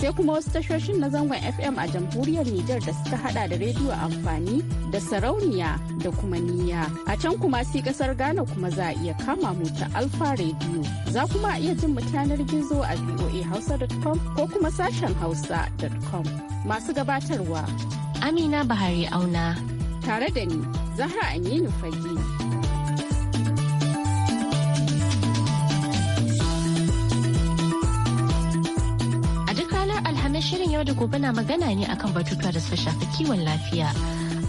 sai kuma wasu tashoshin na zangon fm a jamhuriyar nijar da suka hada da rediyo amfani da sarauniya da kuma niya a can kuma si kasar ghana kuma za a iya kama mu alfa rediyo za kuma iya jin mu gizo a voahausa.com ko kuma sashen hausa.com masu gabatarwa amina bahari auna tare da ni zahra aminu fage yau da gobe na magana ne akan batutuwa da suka shafi kiwon lafiya.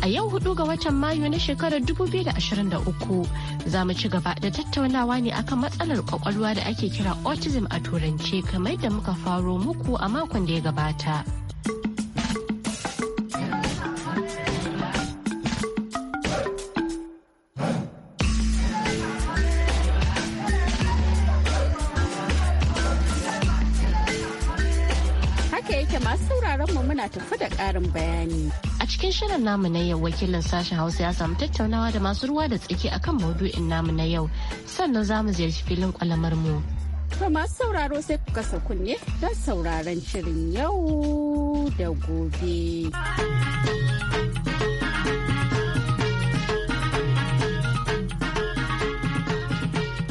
A yau hudu ga watan Mayu na shekarar 2023 za mu ci gaba da tattaunawa ne akan matsalar kwakwalwa da ake kira autism a turance kamar da muka faro muku a makon da ya gabata. muna tafi da ƙarin bayani. A cikin shirin namu na yau wakilin sashen Hausa ya samu tattaunawa da masu ruwa da tsaki akan maudu'in namu na yau sannan za mu ziyarci filin kwalamar mu. To masu sauraro sai ku kasa kunne don sauraron shirin yau da gobe.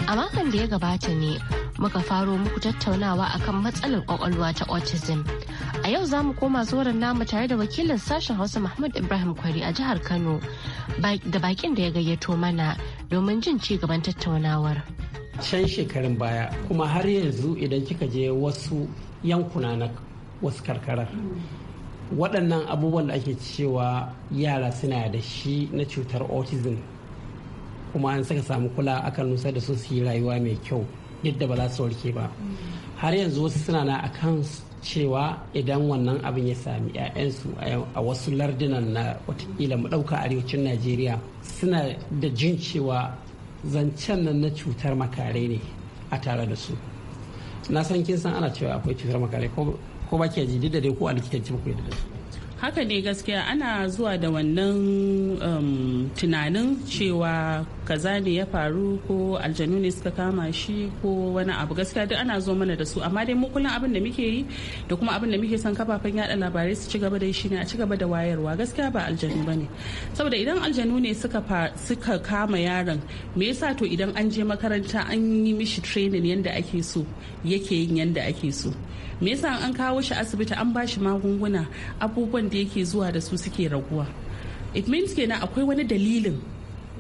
A makon da ya gabata ne muka faro muku tattaunawa akan matsalar kwakwalwa ta autism. A yau za mu koma zoren namu tare da wakilin sashen Hausa Mahmud Ibrahim Kwari a jihar Kano da bakin da ya gayyato mana domin jin ci gaban tattaunawar. Can shekarun baya kuma har yanzu idan kika je wasu yankuna na wasu karkarar Waɗannan abubuwan da ake cewa yara suna da shi na cutar autism kuma an saka samu kula akan nusa da su su yi rayuwa mai kyau yadda ba za su warke ba. Har yanzu wasu suna na kansu cewa idan wannan abin ya sami 'ya'yansu a wasu lardunan na watakila mu ɗauka arewacin najeriya suna da jin cewa zancen nan na cutar makare ne a tare da su na san kin san ana cewa akwai cutar makare ko ba ke ji da dai ko a likitanci ba ku yadda da su haka ne gaskiya ana zuwa da wannan um, tunanin cewa kaza ne ya faru ko aljanu ne suka kama shi ko wani abu gaskiya duk ana zo mana da su amma dai mu kullum abin da muke yi da kuma abin da muke son kafafen yada labarai su ci gaba da shi ne a ci gaba da wayarwa gaskiya ba aljanu bane saboda idan aljanu ne suka suka kama yaron me yasa to idan an je makaranta an yi mishi training yanda ake so yake yin yanda ake so me yasa an kawo shi asibiti an ba shi magunguna abubuwan da yake zuwa da su suke raguwa it means kenan akwai wani dalilin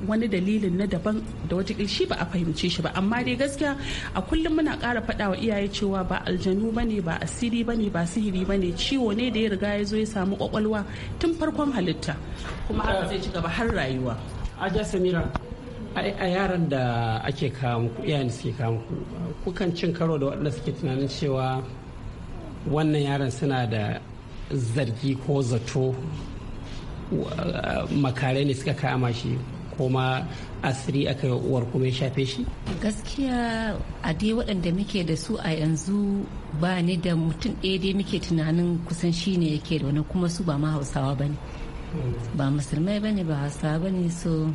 wani dalilin na daban da wata shi ba a fahimce shi ba amma dai gaskiya a kullum muna kara faɗa wa iyaye cewa ba aljanu ba ne ba asiri ba ne ba sihiri ba ne ciwo ne da ya riga ya zo ya samu kwakwalwa tun farkon halitta kuma haka zai ci gaba har rayuwa aja samira a yaran da ake kawo muku iyayen suke kawo muku kukan cin karo da waɗanda suke tunanin cewa wannan yaron suna da zargi ko zato makarai ne suka kama shi kuma asiri aka yi uwar kuma shafe shi gaskiya a dai waɗanda muke da su a yanzu ba ni da mutum ɗaya dai muke tunanin kusan shi ne yake da wani kuma su ba ma hausawa ba ne ba musulmai ba ne ba hausawa ba ne so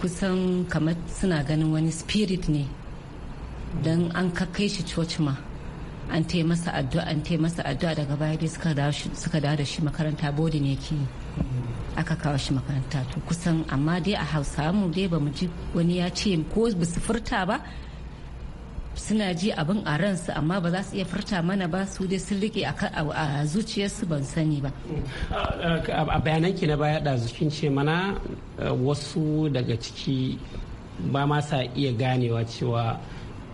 kusan kamar suna ganin wani spirit ne don an kakai shi coci ma an ta masa addu'a an ta masa addu'a daga baya dai suka dawo da shi makaranta bodin yake aka kawo shi makaranta to kusan amma dai a hausa mu dai ba mu ji wani ya ce ko bu su furta ba suna ji abin a su amma ba za su iya furta mana ba su dai sun rike a zuciyarsu ban sani ba a bayananki na baya da kin ce mana eh, wasu daga ciki ba ma sa iya ganewa cewa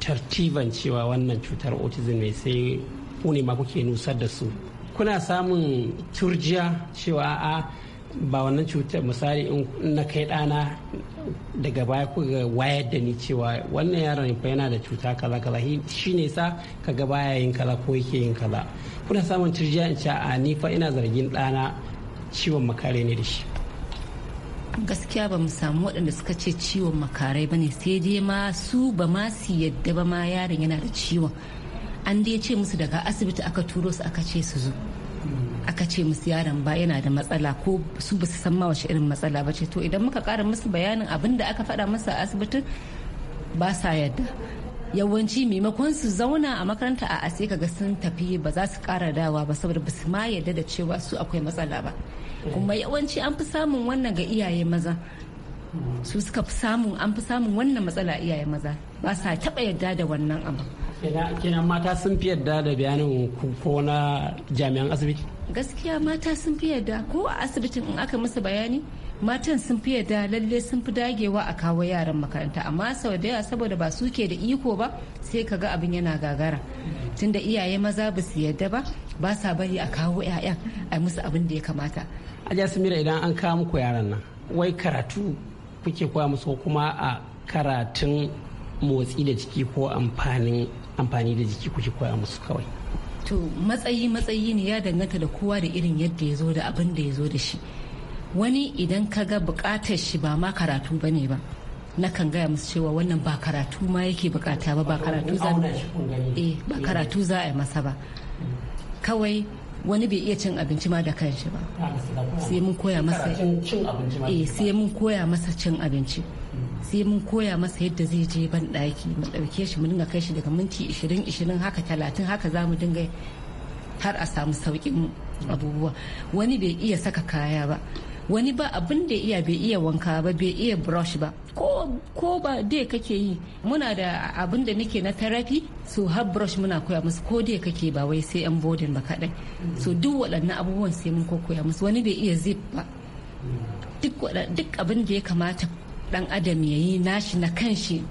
tartiban cewa wannan cutar autism ne sai ku ma kuke nusar da su kuna samun turjiya cewa a ba wannan cutar misali na kai ɗana daga baya ku ga wayar da ni cewa wannan yaron fa yana da cuta kala kala shi ne sa ka ga baya yin kala ko yake yin kala kuna samun turjiya in ce a ni fa ina zargin ɗana ciwon makare ne da shi gaskiya ba mu samu waɗanda suka ce ciwon makarai ba ne sai dai ma su ba ma su yadda ba ma yaron yana da ciwon an dai ce musu daga asibiti aka turo su aka ce su zo aka ce musu yaron ba yana da matsala ko su ba su san ma wace irin matsala ba ce to idan muka kara musu bayanin abin da aka faɗa musu a asibitin ba sa yadda yawanci maimakon su zauna a makaranta a ka ga sun tafi ba za su kara dawa ba saboda ba su ma yadda da cewa su akwai matsala ba kuma yawanci an fi samun wannan ga iyaye maza su suka fi samun an fi samun wannan matsala iyaye maza ba sa taɓa yadda da wannan abu kenan mata sun fi yadda da bayanin ko na jami'an asibiti gaskiya mata sun fi yadda ko a asibitin in aka musu bayani matan sun fi yadda lalle sun fi dagewa a kawo yaran makaranta amma sau da yawa saboda ba su ke da iko ba sai ka ga abin yana gagara tunda iyaye maza ba su yadda ba ba sa bari a kawo 'ya'yan a musu abin da ya kamata aja samira idan an kawo muku yaran nan wai karatu kuke koya musu kuma a karatun motsi da jiki ko amfani da jiki kuke koya musu kawai to matsayi matsayi ne ya danganta da kowa da irin yadda ya zo da abin da ya zo da shi wani idan ka ga bukatar shi ba ma karatu ba ne ba na kan gaya musu cewa wannan ba karatu ma yake bukata ba eh, ba karatu za a yi masa ba mm. kawai wani bai iya cin abinci ma da kanshi ba sai mun koya masa eh sai mun koya masa cin abinci sai mun koya masa yadda zai je ban daki mu dauke shi mu dinga kai shi daga minti 20 20 haka 30 haka za mu dinga har a samu sauƙin abubuwa wani bai iya saka kaya ba wani ba abin da iya bai iya wanka ba bai iya brush ba ko ba dai kake yi muna da abin da nake na therapy so har brush muna koya musu ko dai kake ba wai sai yan bodin ba kadai so duk waɗannan abubuwan sai mun koya musu wani bai iya zip ba duk abin da ya kamata dan adam ya yi nashi na kanshi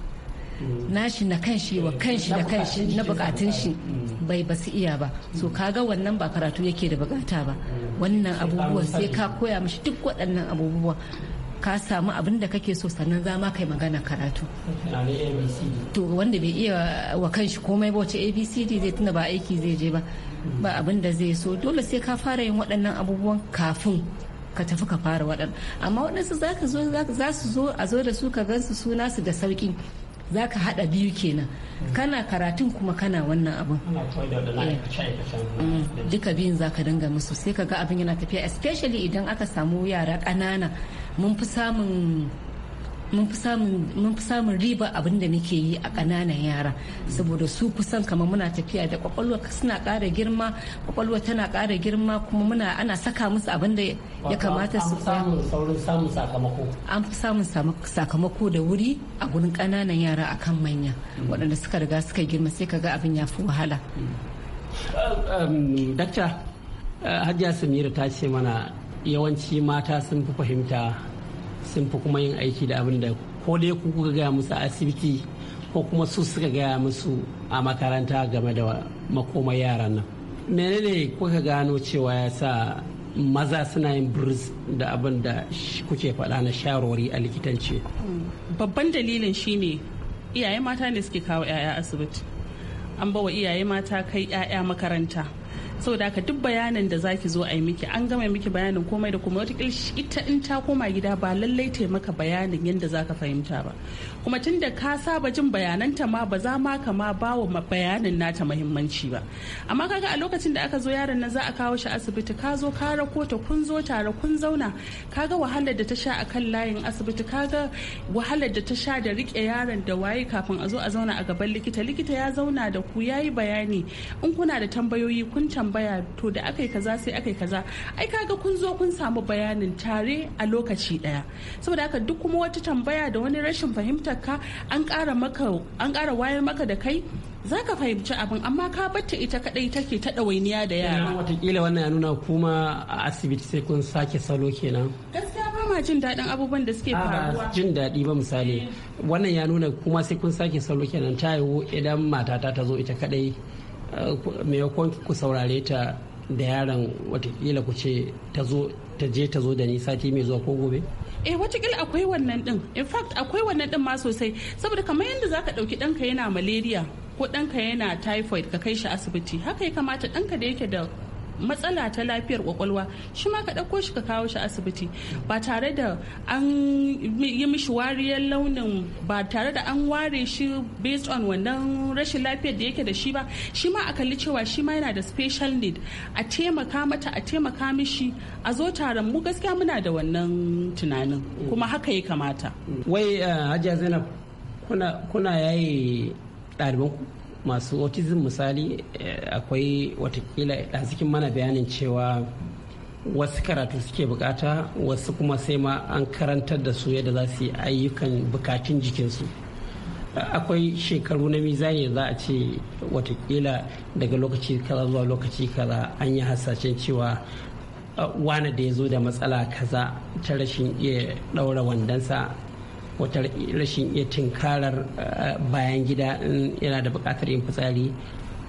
nashi na kanshi wa kanshi da kanshi na bukatun shi bai ba su iya ba so kaga wannan ba karatu yake da bukata ba wannan abubuwan sai ka koya mishi duk waɗannan abubuwa ka samu abin da kake so sannan za ma kai magana karatu to wanda bai iya wa kanshi komai ba wace abcd zai tuna ba aiki zai je ba ba abin da zai so dole sai ka fara yin waɗannan abubuwan kafin ka tafi ka fara waɗannan amma waɗansu za su zo a zo da su ka gansu suna su da sauƙi za ka haɗa biyu kenan kana karatun kuma kana wannan abin eh. mm. duka biyun za ka dinga musu sai ka ga abin yana tafiya especially idan aka samu yara ƙanana mun fi samun mun fi samun riba abin da nake yi a ƙananan yara saboda su kusan kamar muna tafiya da kwakwalwa suna ƙara girma kwakwalwa tana ƙara girma kuma muna ana saka musu abin da ya kamata su samun sakamako an fi samun sakamako da wuri a gurin ƙananan yara akan manya mm. waɗanda suka riga suka girma sai ka ga abin ya fi wahala mm. uh, um, dakta uh, hajiya samira ta ce mana yawanci mata sun fi fahimta sun fi kuma yin aiki da abin da ko dai ku kuka gaya musu a asibiti ko kuma su suka gaya musu a makaranta game da makoma yaran nan menene kuka gano cewa ya sa maza suna yin birz da abin da kuke faɗa na shawarwari a likitanci babban dalilin shine iyaye mata ne suke kawo 'ya'ya asibiti an bawa iyaye mata kai 'ya'ya makaranta saboda ka duk bayanin da zaki zo a yi miki an gama miki bayanin komai da kuma wata ita in ta koma gida ba lallai taimaka bayanin yadda zaka fahimta ba kuma tun da ka saba jin bayanan ta ma ba za ma ka ma ba wa bayanin nata mahimmanci ba amma kaga a lokacin da aka zo yaron nan za a kawo shi asibiti ka zo ka rako ta kun zo tare kun zauna kaga wahalar da ta sha akan layin asibiti kaga wahalar da ta sha da rike yaron da waye kafin a zo a zauna a gaban likita likita ya zauna da ku yayi bayani in kuna da tambayoyi kun tambaya to da aka yi kaza sai aka yi kaza ai kaga kun zo kun samu bayanin tare a lokaci daya saboda haka duk kuma wata tambaya da wani rashin fahimtar ka an kara maka an ƙara wayar maka da kai za ka fahimci abin amma ka batta ita kadai take ta ɗawainiya da yara. watakila wannan ya nuna kuma a asibiti sai kun sake salo kenan. jin daɗin abubuwan da suke faruwa. jin daɗi ba misali eh. wannan ya nuna kuma sai kun sake salo kenan ta yiwu idan matata ta zo ita kadai maimakon ku saurare ta da yaron watakila ku ce ta je ta zo da ni sati mai zuwa ko gobe eh watakila akwai wannan din in fact akwai wannan din ma sosai saboda kamar yadda zaka dauki danka yana malaria ko danka yana typhoid ka kai shi asibiti haka ya kamata danka da yake da matsala ta lafiyar kwakwalwa shi ma ka ɗauko shi ka kawo shi asibiti ba tare da an yi mishi wariyar launin ba tare da an ware shi based on wannan rashin lafiyar da yake da shi ba shi ma a kalli cewa shi ma yana da special need a taimaka mata a taimaka mishi a zo taron mu gaskiya muna da wannan tunanin kuma haka ya kamata wai eh, hajiya zainab kuna yaye ɗalibanku masu autism misali eh, akwai watakila ɗazikin mana bayanin cewa wasu karatu suke bukata wasu kuma sai ma an karantar da su yadda za su yi ayyukan bukatun jikinsu akwai shekaru na mizani za a ce watakila daga lokaci kaza zuwa lokaci kaza an yi hasashen cewa eh, wani da ya zo da matsala kaza ta rashin iya daura wandansa wata rashin iya tinkarar eh, bayan gida yana da buƙatar yin fitsari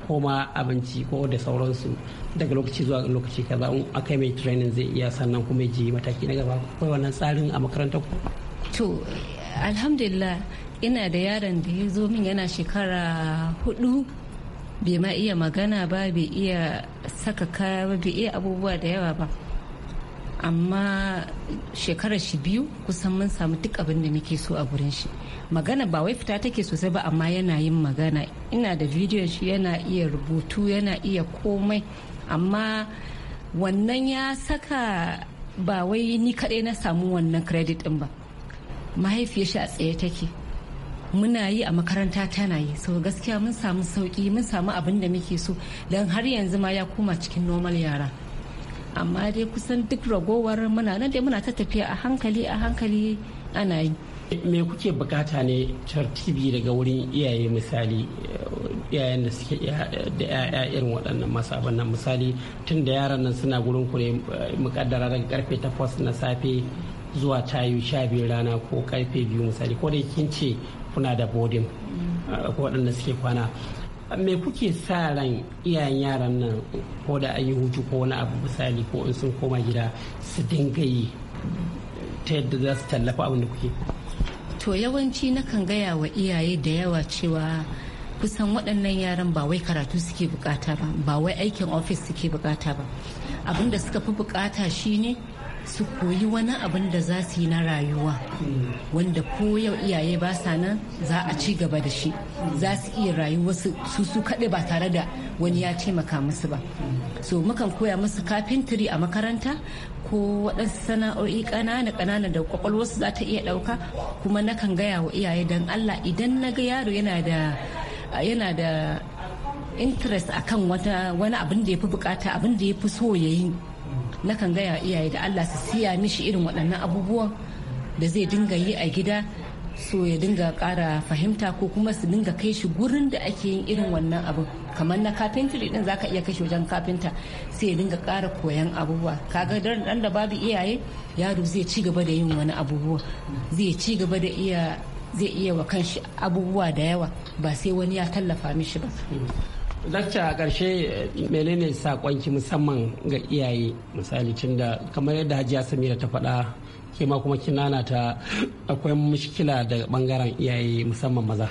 ko ma abinci ko da sauransu daga lokaci zuwa lokaci kaza in aka mai training zai iya sannan kuma ji mataki na gaba kai wannan tsarin a makarantar ku to alhamdulillah ina da yaron da ya zo min yana shekara hudu bai ma iya magana ba bai iya saka kaya ba bai iya abubuwa da yawa ba amma shekarar shi biyu kusan mun samu duk abin da nake so a gurin shi magana ba wai fita take sosai ba amma yana yin magana ina da bidiyon shi yana iya rubutu yana iya komai amma wannan ya saka ba wai ni kaɗai na samu wannan credit din ba mahaifiyar shi a tsaye take muna yi a makaranta tana yi sau gaskiya mun samu sauki mun samu abin da muke so don har yanzu ma ya koma cikin normal yara amma dai kusan duk ragowar muna nan dai muna ta tafiya a hankali a hankali ana yi me kuke bukata ne tartibi daga wurin iyaye misali iyayen da suke da yaya irin waɗannan abin nan misali tun da yaran nan suna gurin ku ne mukaddara daga karfe takwas na safe zuwa tayu biyu rana ko karfe biyu misali ko dai kin ce kuna da bodin mm. ko waɗanda suke kwana me kuke sa ran iyayen yaran nan ko da an yi hutu ko wani abu misali ko in sun koma gida su dinga yi ta yadda za su tallafa abin da kuke to yawanci nakan gaya wa iyaye da yawa cewa kusan waɗannan yaran ba wai karatu suke bukata ba ba wai aikin ofis suke bukata ba abin da suka fi bukata shine su koyi wani abin da za su yi na rayuwa wanda ko yau iyaye ba sa nan za a ci gaba da shi za su iya rayuwa su su kaɗai ba tare da wani ya taimaka musu ba so mukan koya musu kafintiri a makaranta ko waɗansu sana'o'i ƙanana ƙanana da kwakwalwarsu za ta iya ɗauka kuma nakan gaya wa iyaye don allah idan na ga yaro yana da yana da interest akan wani abin da ya fi bukata abin da ya fi so ya yi nakan gaya iyaye da Allah su siya mishi irin waɗannan abubuwan da zai dinga yi a gida so ya dinga ƙara fahimta ko kuma su dinga kai shi gurin da ake yin irin wannan abu kamar na kafintiri din zaka iya kashe wajen kafinta sai ya dinga ƙara koyan abubuwa kaga dan da babu iyaye yaro zai ci gaba da yin wani abubuwa zai ci gaba da iya zai iya wa kanshi abubuwa da yawa ba sai wani ya tallafa mishi ba lacca a ƙarshe menene sakonki musamman ga iyaye misali tunda da kamar yadda Hajiya Samira ta faɗa kima kuma kinana ta akwai mushkila daga ɓangaren iyaye musamman maza.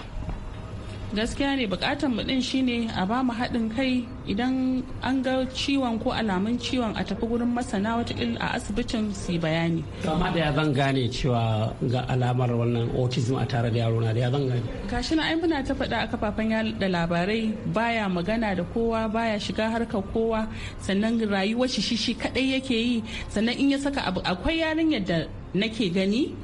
gaskiya ne bukatan mu din shine a ba mu haɗin kai idan an ga ciwon ko alamun ciwon a tafi gurin masana watakil a asibitin su bayani amma da ya zan gane cewa ga alamar wannan autism a tare da yaro na da ya zan gane gashi na ai muna ta faɗa a kafafen da labarai baya magana da kowa baya shiga harkar kowa sannan rayuwar shi shi kadai yake yi sannan in ya saka abu akwai yarinyar da nake gani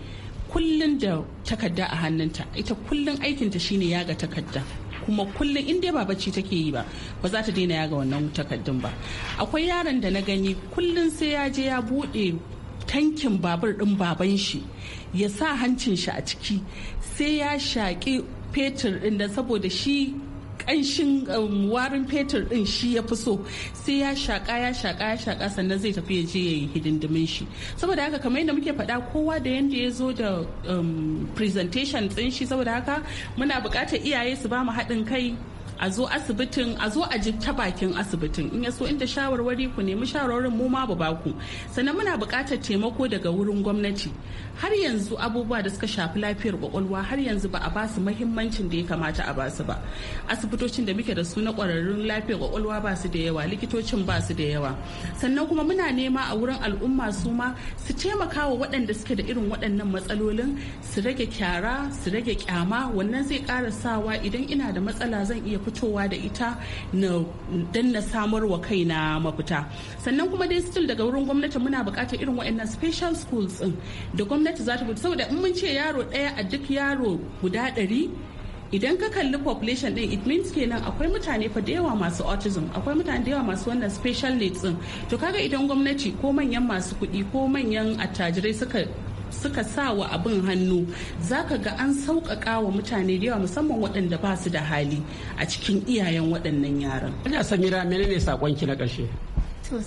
kullun da takarda a hannunta ita kullum aikinta shine yaga takarda kuma kullum in dai ba bacci take yi ba ba za ta daina yaga wannan takardun ba akwai yaron da na gani kullum sai ya je ya bude tankin babur din baban shi ya sa hancin shi a ciki sai ya shaƙi fetur din da saboda shi kanshin um, warin fetur din shi ya fi so sai ya shaka ya shaka ya shaka sannan zai tafi ya je ya yi hidindimin shi saboda haka kamar yadda muke faɗa kowa da yadda ya zo da um, presentation din shi saboda haka muna buƙatar iyaye su ba mu haɗin kai a zo asibitin a zo a ji ta bakin asibitin in so inda shawarwari ku nemi shawarwarin mu ma ba ku sannan muna buƙatar taimako daga wurin gwamnati har yanzu abubuwa da suka shafi lafiyar kwakwalwa har yanzu ba a ba su mahimmancin da ya kamata a ba su ba asibitocin da muke da su na kwararrun lafiyar kwakwalwa ba su da yawa likitocin ba su da yawa sannan kuma muna nema a wurin al'umma su ma su taimaka wa waɗanda suke da irin waɗannan matsalolin su rage kyara su rage kyama wannan zai ƙara sawa idan ina da matsala zan iya fitowa da ita na dan na samar wa kaina mafita sannan kuma dai still daga wurin gwamnati muna buƙatar irin waɗannan special schools din da gwamnati gwamnati za ta gudu saboda in mun ce yaro ɗaya a duk yaro guda ɗari idan ka kalli population din it means kenan akwai mutane fa da yawa masu autism akwai mutane da yawa masu wannan special needs din to kaga idan gwamnati ko manyan masu kuɗi ko manyan attajirai suka suka sa wa abin hannu za ka ga an sauƙaƙa wa mutane da yawa musamman waɗanda ba su da hali a cikin iyayen waɗannan yaran. Ina Samira menene saƙonki na ƙarshe? To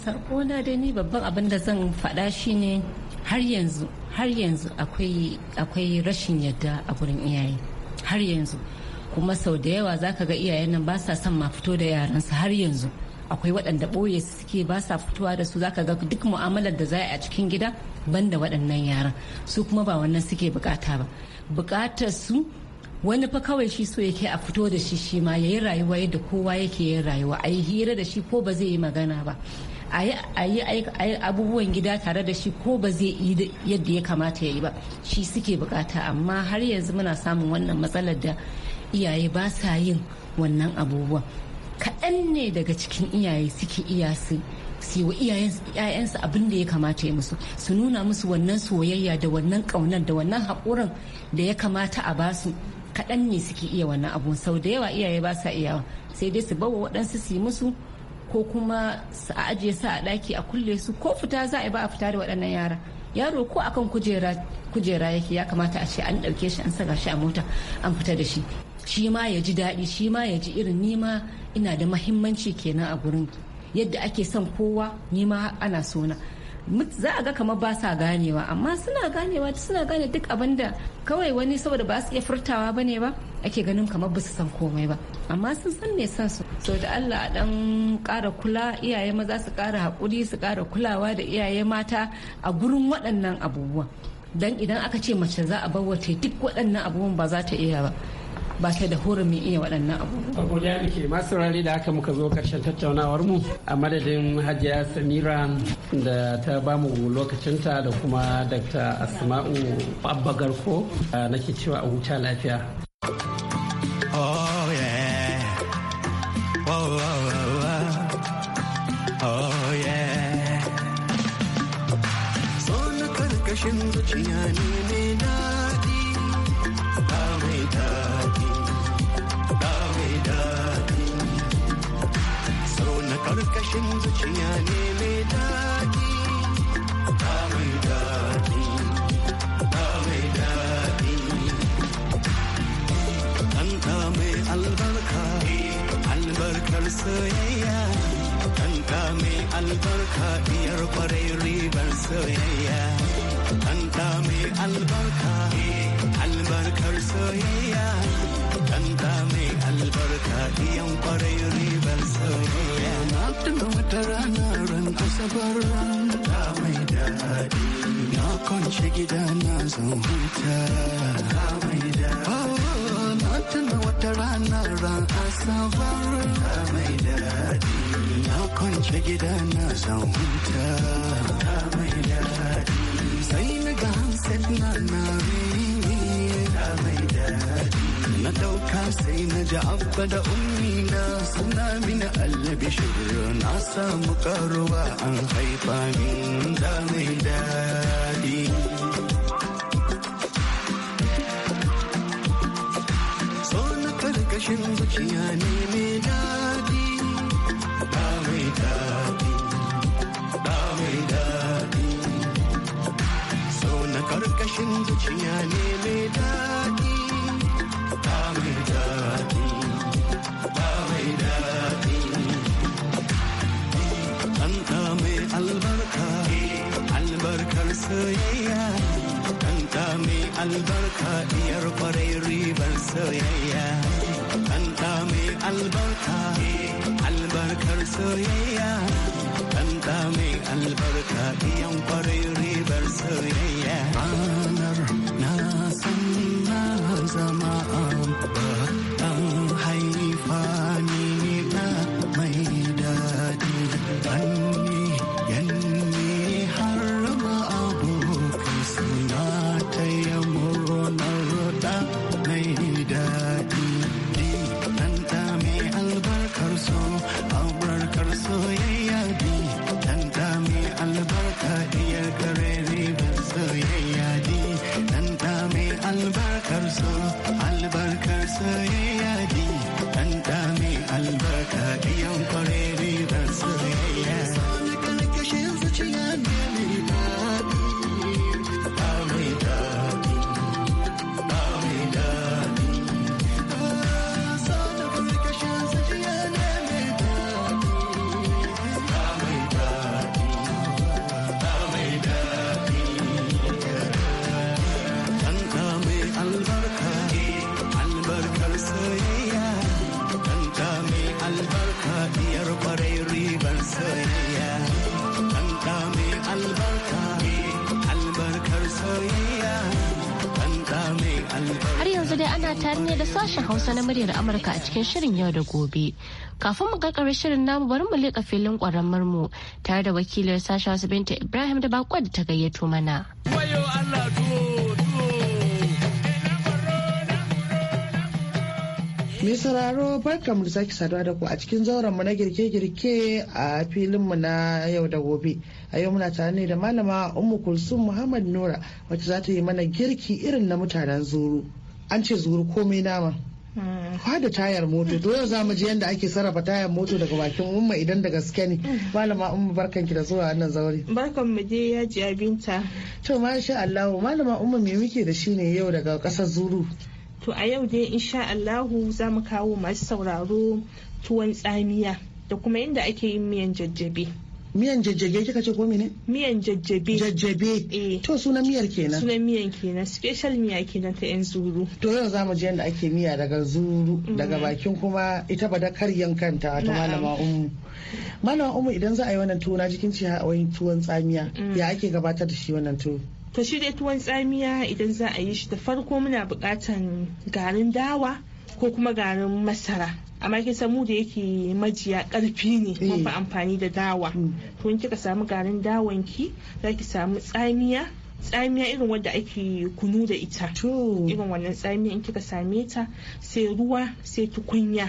na dai ni babban abin da zan faɗa shine har yanzu har yanzu akwai rashin yadda a gurin iyaye har yanzu kuma sau da yawa za ka ga iyayen nan ba sa son ma fito da yaransu har yanzu akwai waɗanda ɓoye suke ba sa fitowa da su za ka ga duk mu'amalar da za a cikin gida banda waɗannan yaran su kuma ba wannan suke bukata ba bukatar su wani fa kawai shi so yake a fito da shi shi ma yayi rayuwa yadda kowa yake yin rayuwa a yi hira da shi ko ba zai yi magana ba a yi abubuwan gida tare da shi ko ba zai yi yadda ya kamata ya yi ba shi suke bukata amma har yanzu muna samun wannan matsalar da iyaye ba sa yin wannan abubuwan kaɗan ne daga cikin iyaye suke iya su su wa iyayensu abin da ya kamata ya musu su nuna musu wannan soyayya da wannan ƙaunar da wannan haƙurin da ya kamata a basu kaɗan ne suke iya wannan abun sau da yawa iyaye ba sa iyawa sai dai su bawa waɗansu su yi musu ko kuma a ajiye su a ɗaki a kulle su ko fita za a yi ba a fita da waɗannan yara yaro ko akan kujera kujera yake ya kamata a ce an ɗauke shi an saka shi a mota an fita da shi shi ma ya ji daɗi shi ma ya ji irin nima ina da mahimmanci kenan a gurin yadda ake son kowa nima ana sona za a ga kamar ba sa ganewa amma suna ganewa suna gane duk abin da kawai wani saboda ba su iya furtawa ba ne ba ake ganin kamar ba su san komai ba amma sun san me san su so da Allah a dan kara kula iyaye maza su kara hakuri su kara kulawa da iyaye mata a gurin waɗannan abubuwan dan idan aka ce mace za a bar duk waɗannan abubuwan ba za ta iya ba ba ta da hurumin iya waɗannan abubuwa. ya muke masu rari da haka muka zo karshen tattaunawar mu a madadin hajiya samira da ta ba mu lokacinta da kuma dr asma'u abba garko nake cewa a huta lafiya. tabaran da mai daɗi na kwance gida na zan huta da mai daɗi na tuna wata ranar ran asabar da mai daɗi na kwance gida na zan huta da mai daɗi sai na ga hamsin na na rini da mai daɗi na ɗauka sai na ji abba da ummina suna mini allabi shiryo na samu karuwa an haifa min da mai daɗi so na karkashin zuciya ne mai daɗi Da mai daɗi Da mai daɗi so na karkashin zuciya ne mai daɗi soyayya ɗanɗa mai albarka iyan kwarai Amurka a cikin shirin yau da gobe. Kafin mu kakar shirin namu bari mu leƙa filin ƙwararmar mu tare da wakilar sasha wasu binta Ibrahim da bako da ta gayyato mana. Mai barka mu da sake saduwa da ku a cikin zauren mu na girke-girke a filin mu na yau da gobe. A yau muna tare ne da malama Ummu Kulsum Muhammad Nura wacce za ta yi mana girki irin na mutanen zuru. An ce zuru komai nama. fada tayar moto to yau zamu je yadda ake sarrafa tayar moto daga bakin umma idan da gaske ne. Malama umma barkan ki da zuwa wannan zaure. Barkan mu je ya ji abinta. To masha Allah malama umma me muke da shi ne yau daga kasar Zuru. To a yau dai insha Allahu za mu kawo masu sauraro tuwon tsamiya da kuma yadda ake yin miyan jajjabe. miyan jajjabe kika ce ko mene miyan jajjabe jajjabe eh. to sunan miyar kenan sunan miyan kenan special miya kenan ta yan zuru to yau zamu je yadda ake miya daga zuru daga mm. bakin kuma ita ba da karyan kanta ta malama ummu malama ummu idan za a yi wannan tuwo na jikin ci a wani tuwon tsamiya mm. ya ake gabatar da shi wannan tuwo to shi dai tuwon tsamiya idan za a yi shi da farko muna buƙatan garin dawa ko kuma garin masara amma kin san mu da yake majiya karfi ne eh. mafi amfani da dawa hmm. to in kika samu garin dawan ki zaki samu tsamiya tsamiya irin wanda ake kunu da ita irin wannan tsamiya in kika same ta sai ruwa sai tukunya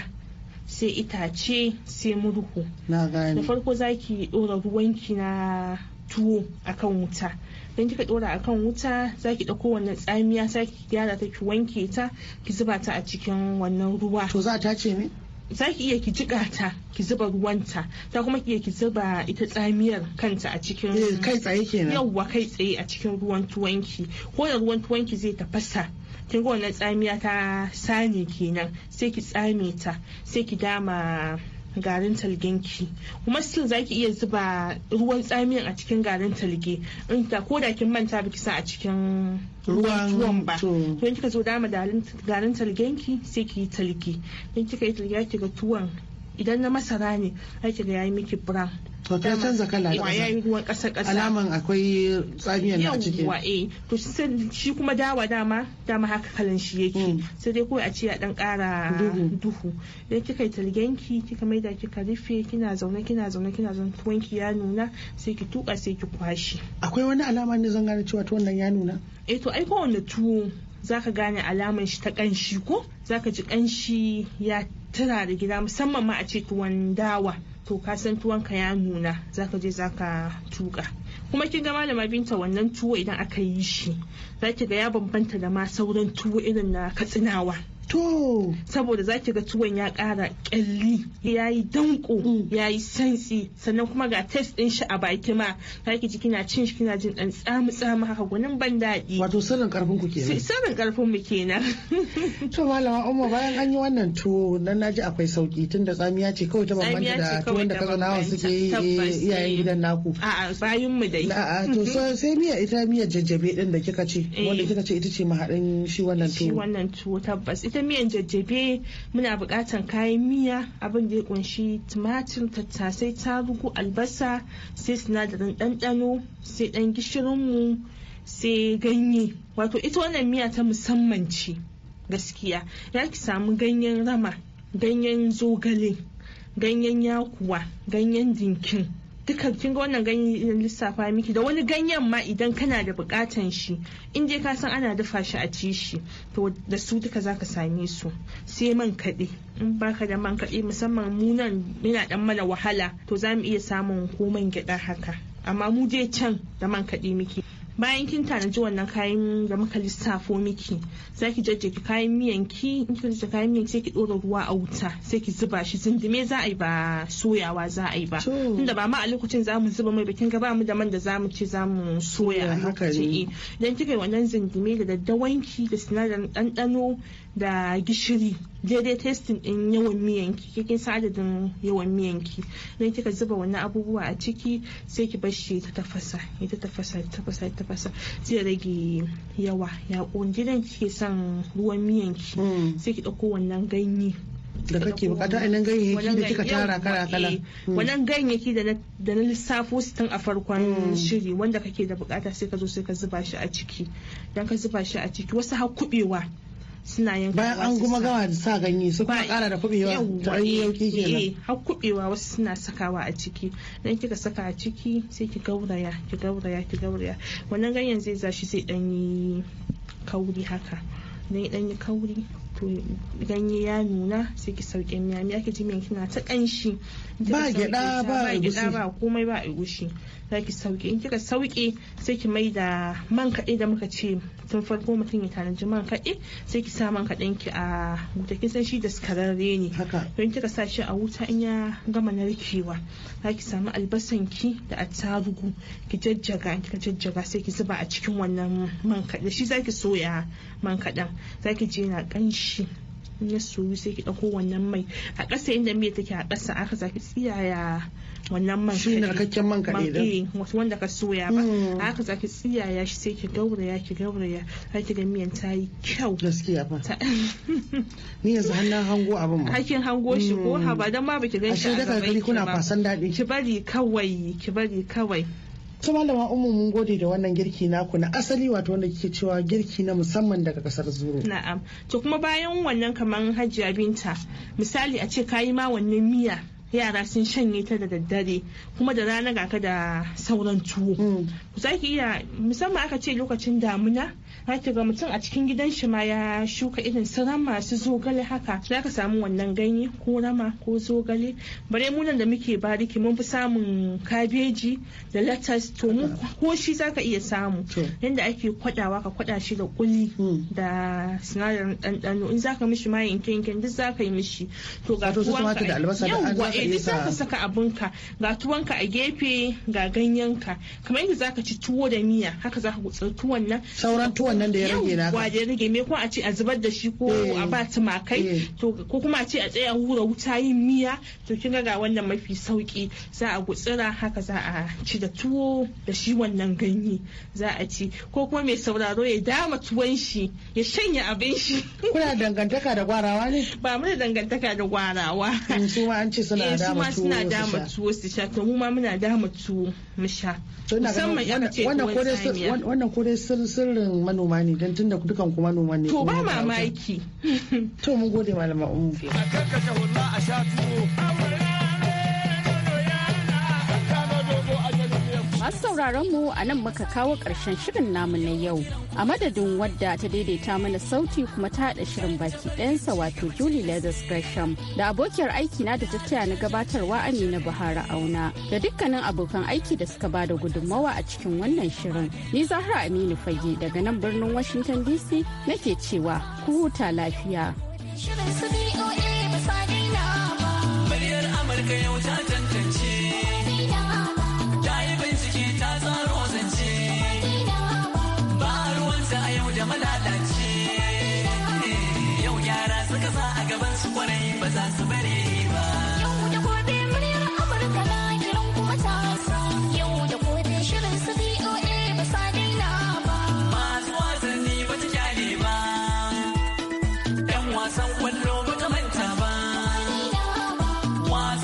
sai itace sai murhu da farko zaki dora ki na tuwo akan wuta don kika dora akan wuta zaki dauko wannan tsamiya ki gyara ta ki wanke ta ki zuba ta a cikin wannan ruwa to za a ce ne za ki iya ki jiƙa ta ki zuba ruwanta ta kuma ki iya ki zuba ita tsamiyar kanta a cikin eh, kai tsaye kenan yawwa kai tsaye a cikin ruwan tuwanki ko da ruwan tuwanki zai tafasa kin ga wannan tsamiya ta sani kenan sai ki tsame ta sai ki dama garin talgenki kuma still zaki iya zuba ruwan tsamiyan a cikin garin talge in ta ko da kin manta biki sa a cikin ruwan ba to kika zo dama garin talgen ki sai ki yi talge in kika yi talge ga tuwon idan na masara ne aiki da ya yi miki brown to ta canza kala da yi ruwan kasa kasa alaman akwai tsamiya na ciki yawa eh to shi kuma dawa dama dama haka kalan shi yake hmm. sai dai kawai a ce a dan kara duhu idan kika yi talgenki kika maida kika rufe kina zaune kina zaune kina zaune tuwanki ya nuna sai ki tuka sai ki kwashi akwai wani alama ne zan gane cewa tuwon nan ya nuna eh to ai kowanne tuwo zaka gane alaman shi ta ƙanshi ko zaka ji ƙanshi ya tura da gida musamman ma a ce tuwon dawa to ka san ka ya nuna zaka je zaka tuka kuma kin ga malama binta wannan tuwo idan aka yi shi zaki ga ya bambanta da ma sauran tuwo irin na katsinawa To. Saboda za ki ga tuwon ya ƙara ƙyalli, ya yi danko, mm. ya yi sansi sannan kuma ga test ɗin shi a baki ma, za ki ji kina cin shi kina jin ɗan tsamu tsamu haka gwanin ban daɗi. Wato sirrin ƙarfin ku kenan. Sirrin ƙarfin mu kenan. To malama Umma bayan an yi wannan tuwo nan naji akwai sauki tunda tsamiya ce kawai ta bambanta da tuwon da kaza nawa suke eh, eh. iyayen gidan naku. A'a bayan mu dai. A'a to sai miya ita miyar jajjabe ɗin da kika ce, wanda eh. kika ce ita ce mahaɗin shi wannan tuwo. Shi wannan tuwo tabbas ta miyan jajjabe muna buƙatar kayan miya abin da ya kunshi tumatir tattasai tarugu albasa sai sinadarin ɗanɗano sai ɗan gishirinmu sai ganye wato ita wannan miya ta musamman ce gaskiya ya ki samu ganyen rama ganyen zogale ganyen yakuwa ganyen dinkin dukan kin ga wannan ganye lissafa miki da wani ganyen ma idan kana da bukatan shi in je ka san ana dafa shi a ci shi to da su duka zaka same su sai man kaɗe in baka da man kaɗe musamman mu nan yana dan mana wahala to za mu iya samun ko man gyaɗa haka amma mu je can da man kaɗe miki bayan kin tanaji wannan kayan da muka lissafo miki sai ki jajjaki kayan miyan ki in ki jajjaki kayan miyan sai ki ɗora ruwa a wuta sai ki zuba shi zindime za a yi ba soyawa za a yi ba tunda ba ma a lokacin za mu zuba mai bakin ga ba mu da man da za mu ce za mu soya eh, a lokacin eh, idan kika yi wannan zindime da daddawanki da sinadarin ɗanɗano da gishiri daidai testing din yawan miyanki kikin sadadin yawan miyanki don kika zuba wani abubuwa a ciki sai ki bashi ta tafasa ita tafasa tafasa tafasa zai rage yawa ya gidan kike son ruwan miyanki mm. sai ki dauko wannan ganye da kake bukata ainihin ganyayyaki da kika tara kala kala wannan ganyayyaki eh, mm. da na lissafo su tun a farkon mm. shiri wanda kake da bukata sai ka zo sai ka zuba shi a ciki dan ka zuba shi a ciki wasu har kubewa suna yanka bayan an kuma gawa da sa ganye su kuma kara da kubewa ta yauki eh, eh, kenan eh har kubewa wasu suna sakawa a ciki dan kika saka a ciki sai ki gauraya ki gauraya ki gauraya wannan ganyen zai zashi sai dan yi kauri haka dan dan yi kauri to ganye ya nuna sai ki sauke miya miya ki ji kina ta kanshi ba gyada ba gida ba komai ba a gushi za ki sauke in kika sauke sai ki maida man kaɗai da muka ce Sun farko mutum ya tanaji man kaɗe sai ki sa man kaɗin ki a wuta kin san shi daskararre ne don kika sa shi a wuta in ya gama narkewa za ki samu albasan ki da attarugu ki jajjaga in kika jajjaga sai ki zuba a cikin wannan man kaɗi shi za ki soya man kaɗan za ki je na ƙanshi in ya soyu sai ki dauko wannan mai a ƙasa inda miya take a ƙasa aka zaki tsiyaya wannan man shi ne rakakken man kaɗai da eh, wasu wanda ka soya ba mm. aka zaki tsiyaya shi sai ki gauraya ki gauraya har ki ga miyan ta yi kyau gaskiya ba ni yanzu hannun hango abin ma hakin hango shi ko mm. haba dan ma baki gan shi a kuna fasan ba ki bari kawai ki bari kawai su malama umu mun gode da wannan girki naku na asali wato wanda kike cewa girki na musamman daga kasar zuru na'am to kuma bayan wannan kamar hajiya binta misali a ce kayi ma wannan miya yara sun shanye ta da daddare kuma da rana ga ka da sauran tuwo za mm. ki iya musamman aka ce lokacin damuna haki ga mutum a cikin gidan shi ma ya shuka irin su rama su zogale haka za ka samu wannan ganye ko rama ko zogale bare mu da muke bariki mun fi samun kabeji da latas to mu ko shi za ka iya samu yadda ake kwadawa ka kwada shi da kuli hmm. da sinadarin ɗanɗano in za ka mishi ma yanke yanke duk za ka yi mishi to ga tuwanka yawwa eh duk za ka saka abinka ga tuwanka a gefe ga ganyenka kamar yadda za ka ci tuwo da miya haka za ka gutsar tuwon nan sauran tuwon wannan da ya rage na wa rage me ko a ce a zubar da shi ko eh. a ba tumakai eh. to ko kuma a ce a tsaya hura wuta yin miya to kin ga wannan mafi sauki za a gutsira haka za a ci da tuwo da shi wannan ganye za a ci ko kuma mai sauraro ya dama tuwon shi ya shanya abin shi kuna dangantaka da gwarawa ne ba mu da dangantaka da gwarawa mm, su ma an ce suna eh, dama tuwo su ma suna dama tuwo su sha to mu ma muna dama tuwo mu sha musamman ya ce wannan kodai sirrin manoma manoma ne don tun da dukan kuma noma ne to ba mamaki to mu gode malama umu a masu sauraron mu a nan muka kawo ƙarshen shirin namu na yau. A madadin wadda ta daidaita mana sauti kuma ta haɗa shirin baki ɗayansa wato Julie Leathers Gresham da abokiyar aiki na da tattaya na gabatarwa Amina Buhari Auna da dukkanin abokan aiki da suka ba da gudunmawa a cikin wannan shirin. Ni Zahra Aminu Fage daga nan birnin Washington DC nake cewa ku huta lafiya. Shirin su ba. Amurka yau ta kwarai ba su